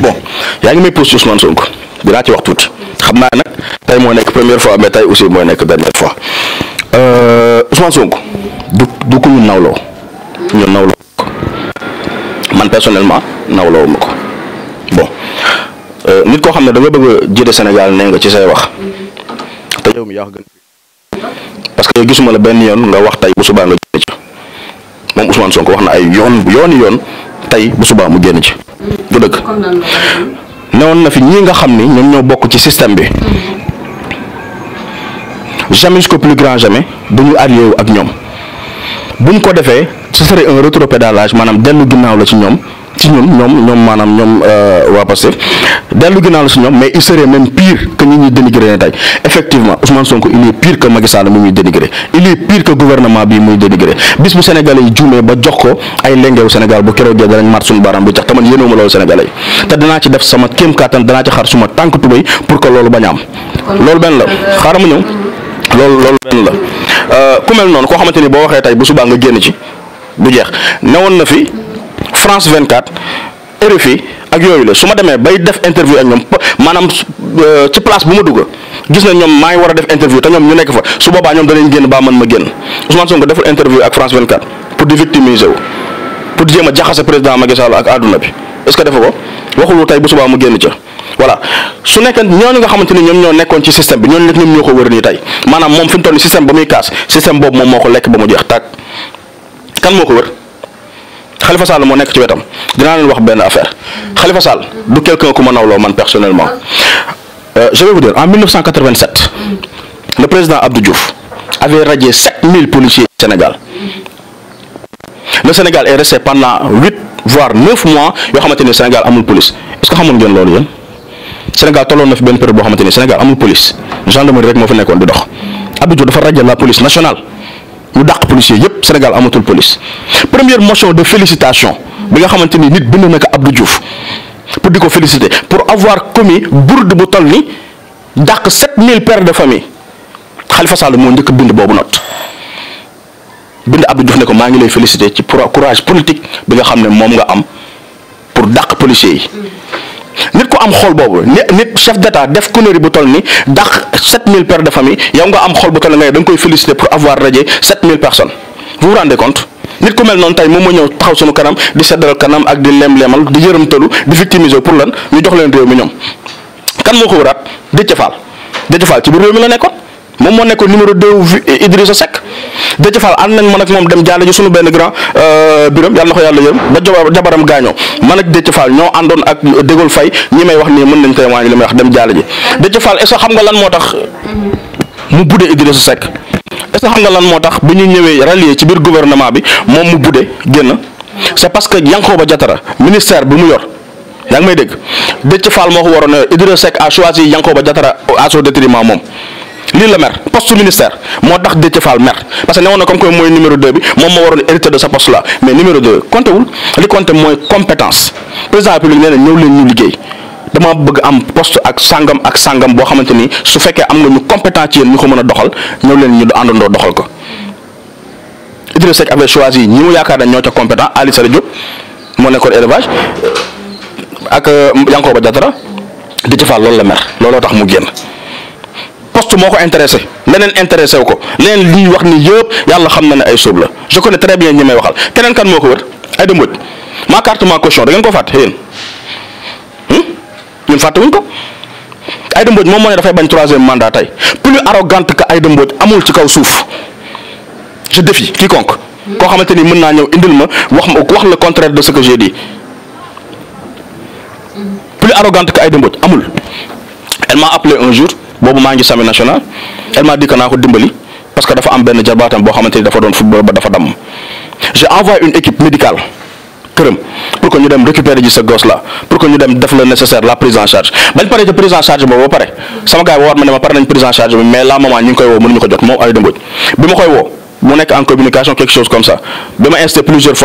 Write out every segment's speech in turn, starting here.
bon yaa ngi may pose sonk Sonko dinaa ci wax tuuti xam naa nag tey moo nekk première fois mais tey aussi mooy nekk dernière fois euh, Ousmane Sonko du du ñu nawloo ñu nawloo ko man personnellement nawloo ma ko bon euh, nit koo xam ne da bëgg a jëlee Sénégal nee nga ci say wax te yow mi yaa gën parce que gisuma la benn yoon nga wax tey bu subaa nga jëlee ci moom Ousmane Sonko wax na ay yoon yooni yoon. tey bu subaa mu génn ci. du dëgg newoon na fi ñi nga xam ni ñoom ñoo bokk ci système bi. jamais jusqu'au plus grand jamais bu ñu ak ñoom buñ ko defee ce serait un rétropédalage maanaam dellu ginnaaw la ci ñoom ci ñun ñoom ñoom maanaam ñoom euh, waa Pastef dellu ginnaaw la si ñoom mais il serait même pire que ñi ñuy dénigré ne tey effectivement Ousmane Sonko il est pire que Macky Sall mi muy il est pire que gouvernement bi muy dénigré bis bu Sénégalais yi ba jox ko ay lengeewu Sénégal bu keroog jee danañ mar suñu baaraam bu tax taman yéenewuma loolu Sénégalais te danaa ci def sama kéem kattan danaa ci xar suma tànk tubéy pour que loolu bañ a am loolu benn la euh, xaaral ma ñëw mhm. loolu loolu la euh, ku mel noonu koo xamante ni boo waxee tey bu subaa nga génn ci du jeex newoon na fi France 24 RFI ak yooyu la su ma demee bay def interview ak ñoom maanaam euh, ci place bu ma dugg gis na ñoom maa war a def interview te ñoom ñu nekk fa su boobaa ñoom danañ génn baa man ma génn Ousmane Sonko deful interview ak France 24 pour di victimiser pour di jéem a jaxase président Macky ak àdduna bi est que defe ko waxulu tey bu subaa mu génn ca voilà su nekk ñooñu nga xamante ñoom ñoo nekkoon ci système bi ñooñu nag ñoom ñoo ko wër nii tey maanaam moom fi mu toll nii moo ko lekk Khalifa Sall moo nekk ci wetam dinaa leen wax benn affaire Khalifa Sall du quelqu'un ku ma nawloo man personnellement euh, je vais vous dire en 1987 le président Abdou Diouf avait radié 7000 policiers au Sénégal le Sénégal est resté pendant huit voire neuf mois yoo xamante Sénégal amul police est-ce que xamoon ngeen loolu yéen Sénégal tolloon na fi rek moo fa nekkoon di dox Abdou Diouf dafa radié la police nationale. ñu dàq policier yépp Sénégal amatul police première motion de félicitation bi nga xamante ni nit bind na ko Abdou Diouf pour di ko féliciter pour avoir commis bourde bu toll ni dàq mille per de famille Khalifa Sall moo njëkk bind boobu note bind Abdou Diouf ne ko maa ngi lay féliciter ci courage politique bi nga xam ne moom nga am pour dàq policier yi nit ku am xool boobu nit chef d'état def connerie bu toll ni dàq 7000 pères de famille yow nga am xol bu toll ngay da nga koy féliciter pour avoir radié 7000 personnes vous vous rendez compte nit ku mel noonu tey moom moo ñëw taxaw sunu kanam di seddal kanam ak di lem-lemal di yërëmtalu di victimiser pour lan ñu jox leen réew mi ñoom kan moo ko wëraat Déthié Fall Déthié ci biir réew mi la nekkoon. moom moo nekkoon numéro 2 Idrissa Seck Déthié Fall ànd nañ man ak moom dem jaale ji sunu benn grand euh, biram yàlla na ko yàlla yërëm ba jabaram gaañoo man ak Déthié Fall ñoo àndoon ak Dégol Faye ñi may wax nii mën nañ témoigner li may wax dem jaale ji Déthié faal est-ce xam nga lan moo tax mu budde Idrissa Seck est-ce que xam nga lan moo tax bi ñu ñëwee rallier ci biir gouvernement bi moom mu budde génn c'est parce que ba jatara ministère bi mu yor yaa ngi may dégg Déthié Fall moo ko waroon Idrissa Seck a choisi Yankhoba Diattara à son détriment moom lii la mer poste ministère moo tax Déthié Fall mer parce que ne woon na comme que mooy numéro 2 bi moom moo waroon hérité de sa poste là mais numéro 2 compté li compté mooy compétence président république nee na ñëw leen ñu liggéey dama bëgg am poste ak sangam ak sangam boo xamante ni su fekkee am nga ñu compétent yéen ñu ko mën a doxal ñëw leen ñu àndandoo doxal ko Idrissa Seck avait choisi ñi mu yaakaar nañ ñoo ca compétent Ali Sara Diop moo nekkoon élevage ak euh, Yankhoba Diattara Déthié Fall loolu la mer looloo tax mu génn. poste moo ko intéressé leneen intéressé wu ko leneen li wax ni yëpp yàlla xam na ne ay sóob la je connais très bien ñi may waxal keneen kan moo ko wër ay dëmbët ma carte ma caution da ngeen ko fàtte yéen ñun hmm? fàtte wuñ ko Aïda Mbodj moom moo ne dafay bañ troisième mandat tey plus arrogante que Aïda Mbodj amul ci kaw suuf je défie quiconque koo xamante ni mën naa ñëw indil ma wax ma wax le contraire de ce que j'ai dit plus arrogante que Aïda Mbodj amul elle boobu maa ngi sami national elle m'a dit que naa ko dimbali parce que dafa am benn jarbaatam boo xamante dafa doon football ba dafa damm j'ai envoyé une équipe médicale këram pour que ñu dem récupérer ji sa gosse là pour que ñu dem def le nécessaire la prise en charge bañ pare ci prise en charge boobu ba pare sama gars yi woo ma ne ma pare nañ prise en charge bi mais la maman ñu ngi koy woo mu nekk en communication quelque chose comme ça bi ma insisté plusieurs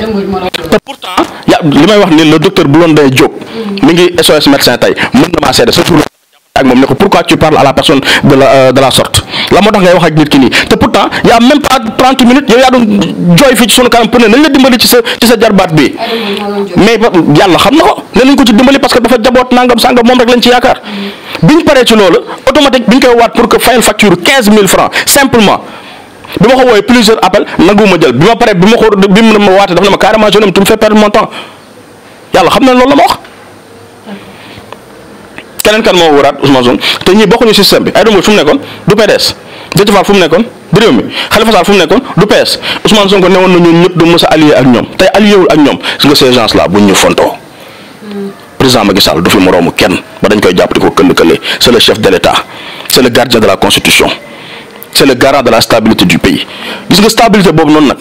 te pourtant ya li may wax ni le docteur Blondin Diop mi ngi SOS médecin tey mën na maa seede surtout ak moom ne ko pourquoi tu parles à la personne euh, de la sorte la moo tax ngay wax ak nit ki nii te pourtant y a même pas trente minutes yow yaa doon jooy fii ci kanam pour nañ la dimbali ci sa ci sa jarbaat bi mais yàlla xam na ko ne nañ ko ci dimbali parce que dafa jaboot nangam sangam moom rek lañ ci yaakaar biñ paree ci loolu automatique biñ koy bi ma ko woowee plusieurs appels nanguwuma jël bi ma paree bi ma ko bi ma waatee dafa ma carrément jeune tu me fais perdre yàlla xam na lool la ma wax. keneen kan moo waraat Ousmane Sonko te ñii bokkuñu système bi ay dombal fu mu nekkoon du PDS Déthié Fall fu mu nekkoon du réew mi Khalifa fu mu nekkoon du PS Ousmane Sonko woon na ñu ñëpp du mës a allié ak ñoom tey allié wul ak ñoom su nga ces gens là buñ ñu fontoo président Macky du fi koy jàpp di ko këll këllee c'est le la constitution c'est le garant de la stabilité du pays gis nga stabilité boobu noonu nag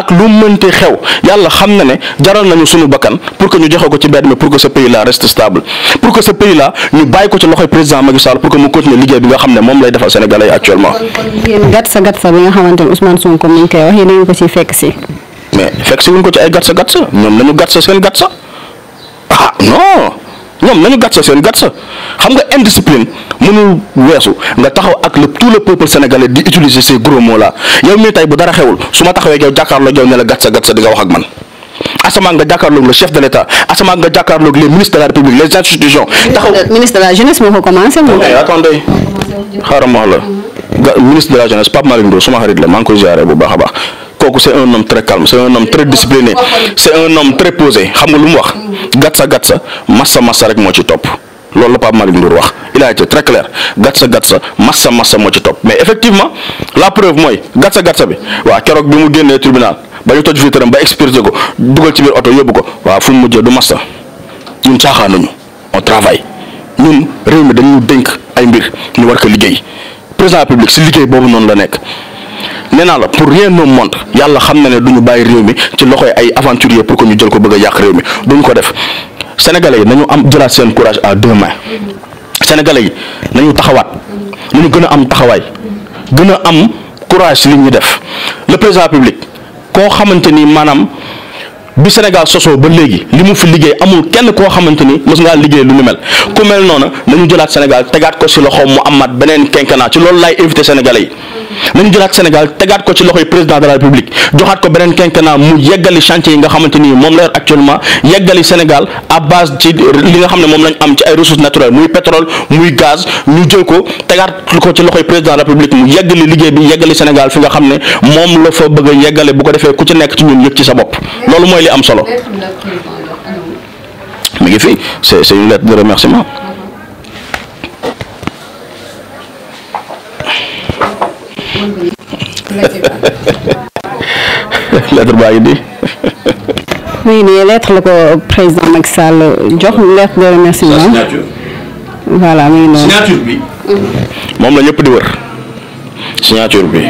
ak lu mënti xew yàlla xam na ne jaral nañu suñu bakkan pour que ñu joxe ko ci mbedd mi pour que ce pays là reste stable pour que ce pays là ñu bàyyi ko ci loxoy président Macky Sall pour que mu continuer liggéey bi nga xam ne moom lay defal Sénégalais actuellement. kon yéen gatsa gatsa bi nga xamante ne Ousmane Sonko mi ngi koy wax yéen dañu ko ci fekk si. fekk si wuñ ko ci ay gatsa gatsa ñoom nañu gatsa seen ñoom nañu gàtt sa seen gàtt sa xam nga indiscipline mënul weesu nga taxaw ak le tout le peuple sénégalais di utiliser ces gros mots là yow mii tey bu dara xewul su ma taxawee yow jàkkaarloo yow ne la gàtt sa gàtt sa di nga wax ak man le chef de la république les institutions. taxaw ministre de la jeunesse moo ko commencé. moom attendez xaaral ma wax la ministre de maa ngi koy ziare bu baax a baax kooku c' est un homme très calme c' un homme très discipliné c' un homme très posé xam nga lu mu wax. gatsa gatsa massa massa rek moo ci topp loolu la Pape Malick Ndour wax il a été très clair gatsa gatsa massa massa moo ci topp mais effectivement la preuve mooy gatsa gatsa bi waa keroog bi mu génnee tribunal ba ñu toj fii tëram ba expiré ko dugal ci biir oto yóbbu ko waaw fu mu mujjee du massa ñun caaxaanuñu on travaille ñun réew mi dañu dénk ay mbir ñu war ko liggéey président public si liggéey boobu noonu la nekk. nee naa la pour rien au monde yàlla xam na ne du ñu bàyyi réew mi ci loxoy ay aventurier pour que ñu jël ko bëgg a yàq réew mi duñ ko def sénégale yi na ñu am jëlaat seen courage à deux mains sénégalais yi nañu taxawaat nañu gën a am taxawaay gën a am courage li ñu def le président public koo xamante ni maanaam bi Sénégal sosoo ba léegi li mu fi liggéey amul kenn koo xamante ni mos ngaa liggéey lu ni mel ku mel noonu nañu jëlaat Sénégal tegaat ko si loxo mu amaat beneen quinquennat ci loolu laay invité Sénégalais yi. nañu jëlaat Sénégal tegaat ko ci loxoy président de la République joxaat ko beneen quinquennat mu yeggali chantier yi nga xamante ni moom la actuellement yeggali Sénégal à base ci li nga xam ne moom lañ am ci ay ressources naturelles muy pétrole muy gaz ñu jël ko tegaat ko ci loxoy président de la république mu yeggali liggéey bi yeggali Sénégal fi nga xam ne moom la fa bëgg a yeggale bu ko defee ku ci nekk ci ñun yëg ci sa bopp loolu mooy li am solo mi ngi fi c'est une lettre de remerciement. oui nii lettre la ko président Macky Sall jox lettre de remerciement. moom la ñëpp di wër. signature bi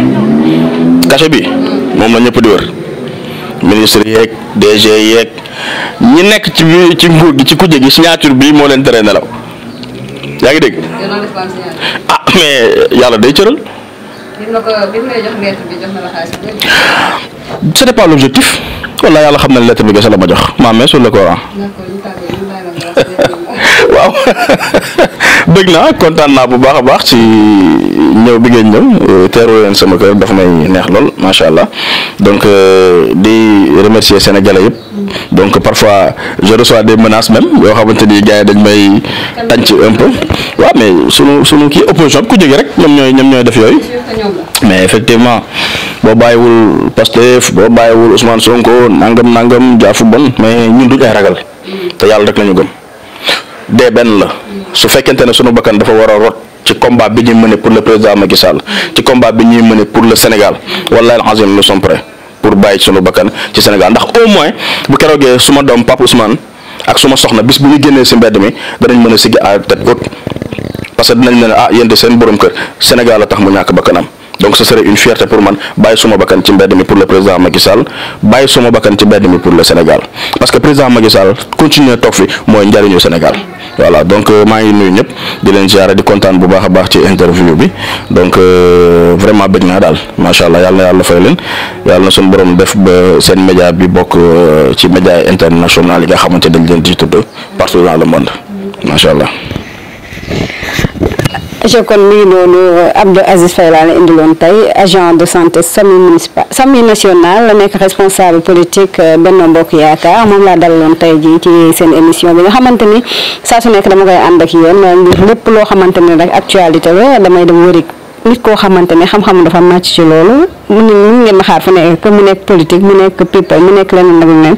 cachet bi moom la ñëpp di wër ministre yeeg DG yeeg ñi nekk ci ci nguur gi ci kujje gi signature bi moo leen tere nelaw yaa ngi dégg. ah mais yàlla day cëral. bi mu la l'objectif. walla yàlla xam na ne lettre bi gëstu la ma jox ma main sur le Coran. waaw bëgg naa kontaan naa bu baax a baax ci ñëw bi ngeen ñëw euh, teeru leen sama kër daf may neex lool macha allah donc euh, di remercier Sénégalais yëpp donc parfois je reçois des menaces même yoo xamante ni gars yi dañ may tànc un waaw mais sunu sunu kii opposition bi ku jógee rek ñoom ñooy ñoom ñooy def yooyu mais effectivement. boo bàyyiwul Pastef boo bàyyiwul Ousmane Sonko nangam nangam jaafu bon mais ñun duñ ay ragal te yàlla rek nañu gëm dee benn la su fekkente ne sunu bakkan dafa war a rot ci combat bi ñuy mëne pour le président Macky Sall ci combat bi ñuy mëne pour le Sénégal wallahi alazim nous sommes prêts pour bàyyi sunu bakkan ci Sénégal ndax au moins bu keroogee suma doom Pape Ousmane ak suma soxna bis bu ñu génnee si mbedd mi danañ mën a siggi à tête haute parce que dinañ ne ah yéen seen borom kër Sénégal la tax mu ñàkk bakkanam donc ce serait une fierté pour man bàyyi suma bakkan ci mbedd mi pour le président Macky Sall bàyyi suma bakkan ci mbedd mi pour le Sénégal parce que président Macky Sall continuer toog fi mooy njariñu Sénégal voilà donc euh, maa ngi nuyu ñëpp di leen ziare di kontaan bu baax a baax ci interview bi donc euh, vraiment bëgg naa daal macha allah yàlla na yàlla fay leen yàlla na suñu borom def ba seen média bi bokk euh, ci média international yi nga xamante dañ leen di tudd partout dans le monde macha allah. je kon mi noonu Abdou Aziz la indiloon tey agent de santé sami municipal sami national la nekk responsable politique euh, Benno Bokk Yaakaar moom laa dalaloon tey jii ci seen émission bi nga xamante ni saa su nekk dama koy ànd ak yéen ngir lépp loo xamante ni rek actualité la damay dem wëri nit koo xamante xam-xam dafa màcc ci loolu mu ne mun ngeen ma xaar fu nekk que mu nekk politique mu nekk people mu nekk leneen nag leneen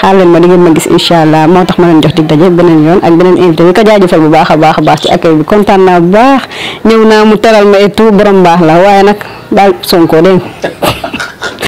xaar leen ma di ngeen ma gis incha moo tax ma leen jox dig daje beneen yoon ak beneen invité bi ko jaajëfal bu baax a baax a baax ci accueil bi kontaan naa baax ñëw naa mu teral ma et tout borom baax la waaye nag daal Sonko dégg